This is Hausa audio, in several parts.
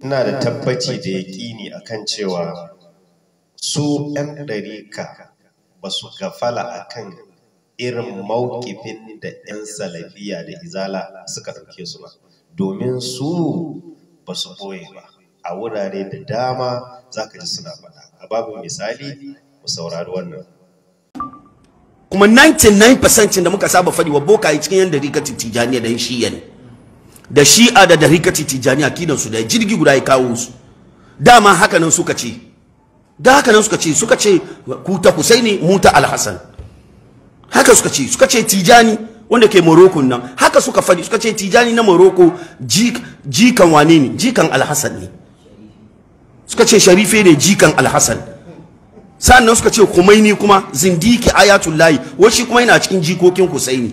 ina da tabbaci da yaƙini kan cewa su 'yan ɗarika ba su gafala kan irin maukifin da 'yan salafiya da izala suka ɗauke su ba domin su ba su ɓoye ba a wurare da dama za ka ji suna faɗa a babu misali mu saurari wannan kuma 99% da muka saba faɗi wa boka cikin yadda rikar tijjaniya da shi ne da shi'a da tijjani tijani akidansu da jirgi guda ya kawo su dama haka nan suka ce da haka nan suka ce suka ce ku ta husaini mu ta alhassan haka suka ce suka ce tijani wanda ke morocco nan haka suka fadi suka ce tijani na morocco jikan wane ne jikan alhassan ne suka ce sharife ne jikan alhassan sannan suka ce kumaini kuma zindiki ayatullahi wai shi kuma yana cikin jikokin husaini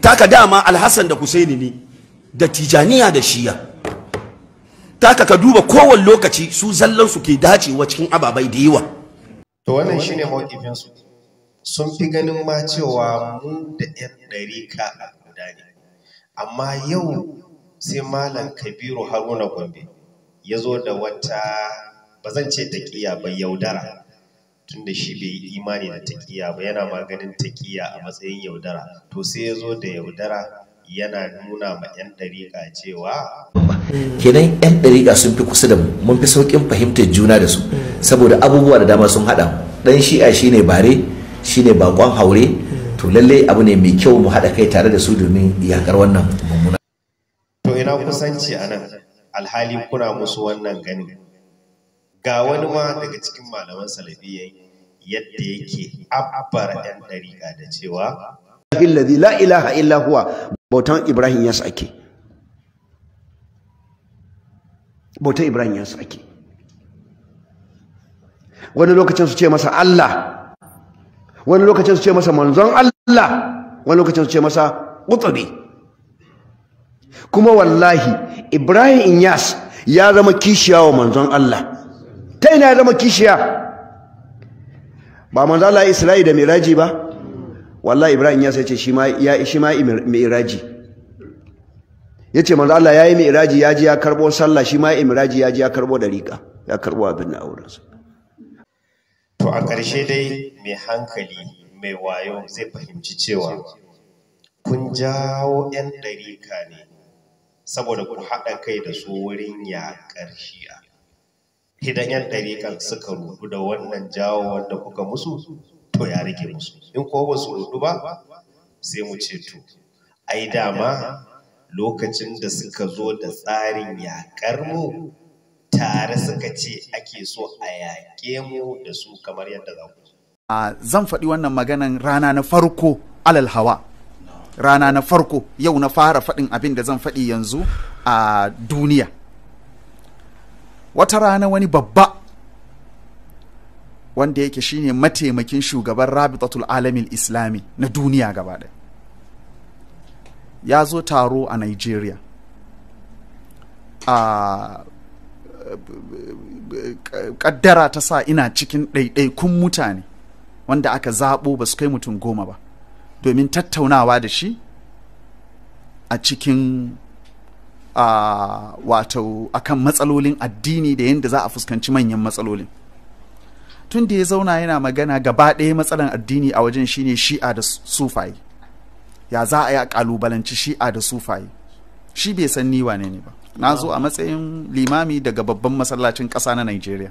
taka dama alhassan da husaini ne da tijaniya da shiya Ta ka duba kowane lokaci su su ke dacewa cikin ababai da yawa to wannan shine su sun fi ganin ma cewa mu da yan ɗarika a guda ne amma yau sai malam kabiru haruna gombe ya zo da wata ba zan ce taƙiya ba yaudara tunda shi bai yi imani da taƙiya ba yana maganin taƙiya a matsayin yaudara to sai ya zo da yaudara yana nuna ma 'yan ɗariƙa cewa kenan 'yan ɗariƙa sun fi kusa da mu mun fi sauƙin fahimtar juna da su saboda abubuwa da dama sun haɗa ɗan shi'a shine bare shine bakon haure to lalle abu ne mai kyau mu haɗa kai tare da su domin yakar wannan mummuna to ina kusanci a nan alhali kuna musu wannan gani? ga wani ma daga cikin malaman salafiyyai yadda yake abbar 'yan ɗariƙa da cewa alladhi la ilaha illa huwa bautan ibrahim ya sake bautan ibrahim ya sake wani lokacin su ce masa Allah wani lokacin su ce masa manzon Allah wani lokacin su ce masa qutbi kuma wallahi ibrahim inyas ya zama kishiya wa manzon Allah ta ina ya zama kishiya ba manzon Allah Isra'i da Miraji ba wallahi ibrahim ya sai ce shi ma ya shi ma mi'raji yace manzo Allah yayi mi'raji ya ji ya karbo sallah shi ma mi'raji ya ji ya karbo dariqa ya karbo abin da auren sa to a ƙarshe dai mai hankali mai wayo zai fahimci cewa kun jawo 'yan dariƙa ne saboda ku haɗa kai da su wurin ya shi'a idan 'yan dariƙan suka rudu da wannan jawo wanda kuka musu to ya rage musu in ko ba su rudu ba sai mu ce to ai dama lokacin da suka zo da tsarin yakar mu tare suka ce ake so a yaƙe mu da su kamar yadda za ku a zan faɗi wannan maganan rana na farko alal hawa rana na farko yau na fara faɗin abin da zan faɗi yanzu a duniya wata rana wani babba wanda yake shine mataimakin shugaban rabitatul alamin islami na duniya gaba ɗaya ya zo taro a nigeria a kaddara ta sa ina cikin ɗaiɗaikun mutane wanda aka zaɓo ba su kai mutum goma ba domin tattaunawa da shi a cikin wato akan matsalolin addini da yadda za a fuskanci manyan matsalolin tun da ya zauna yana magana gaba ɗaya matsalan addini a wajen shine shi'a da sufaye ya za a yi a kalubalanci shi'a da sufaye shi bai san ni wane ne ba na zo a matsayin limami daga babban masallacin ƙasa na Najeriya.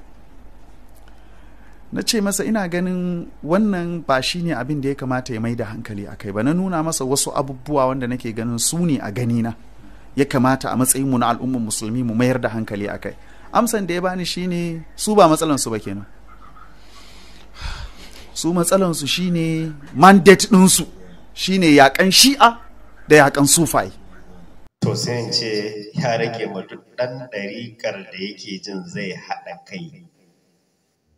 na ce masa ina ganin wannan ba shi ne abin da ya kamata ya mai da hankali a kai ba na nuna masa wasu abubuwa wanda nake ganin su ne a gani na ya kamata a mu na al'ummar musulmi mu mayar da hankali a kai amsan da ya bani shine su ba su ba kenan su matsalansu shine mandate ɗinsu shine yaƙan shi'a da yaƙan sufai to sai in ce ya rage mutum ɗan ɗarikar da yake jin zai haɗa kai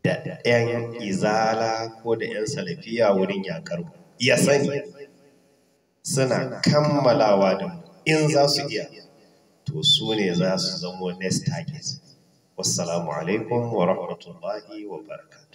da 'yan izala ko da 'yan salafiya wurin yaƙar ya sani suna kammalawa da mu in za su iya to su ne za su zamo next target wassalamu alaikum wa rahmatullahi wa barka.